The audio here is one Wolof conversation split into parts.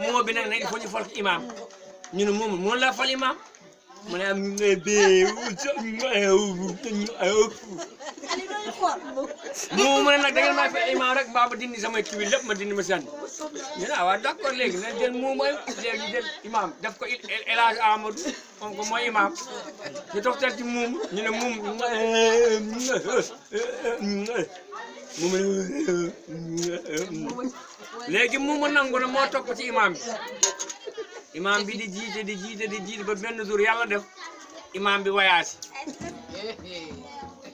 moo bi nag nag il faut ñu fal imaam ñu ne moom moom laa fal imaam mu ne am moom mu ne nag da ngeen maa fay imaam rek mbaa ma dindi sama kii bi lépp ma dindi ma sànni ñu ne ah waaw d'accord léegi na jël moom mooy léegi jël imaam def ko El Hadj Amadou moom ko mooy imaam ñu toxtal ci moom ñu ne moom moom legi mu mo motor mo imam imam ci imam bi bi di jiite di jiite di jiite ba ben jour yalla def imam bi voyage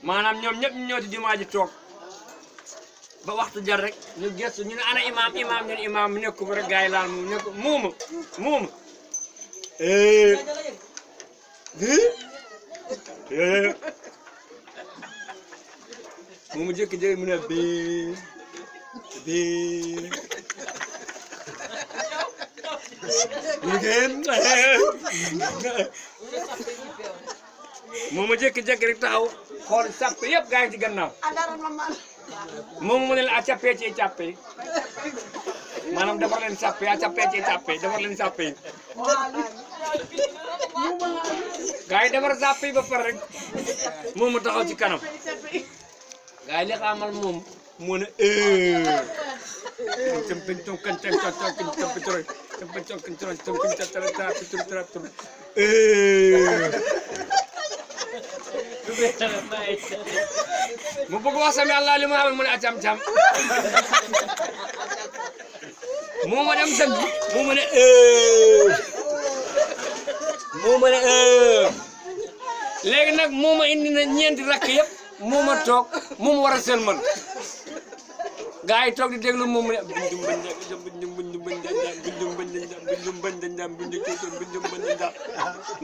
manam ñom ñep ñoo ci jumaa ji ba waxtu jar rek ñu gessu ñu ana imam imam ñu imam imaam mu nekku rek gars laal muuma muuma eh. Eh. Eh. mu ne moom ma jékki-jékki rek taxaw xool sàpp yëpp gaa ci gannaaw moom mu ne la a ah, càppee ci càppee maanaam defar leen sàppee a ah, càppee ci càppee leen sàppee gaa yi defar sàppee ba pare rek moom mu taxaw ci kanam gaa yi li xamal moom muôn ư chấm pin trong cân chấm cho cho chấm chấm pin rồi chấm pin cho cân cho chấm pin cho cho cho pin cho cho cho ư mu bugu wasami allah limu hamin mun ajam jam mu mun am jam mu mun ư mu mun ư léegi nag mu ma indi na ñeenti rakk yëpp mu ma toog mu ma war a seen mën gaa yi toog di déglu moom mu ne bindum bañ jam bindum bindum bañ jam bindum bañ jam bindum bañ jam bindum tuutum bindum bañ jam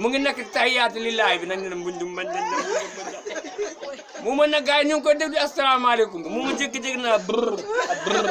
mu ngi nekk tahiyaatu lillaay bi nag ne bindum bañ jam mu mën na gaa yi ñu ngi koy déglu asalaamaaleykum mu ma jékki-jékki naa brr brr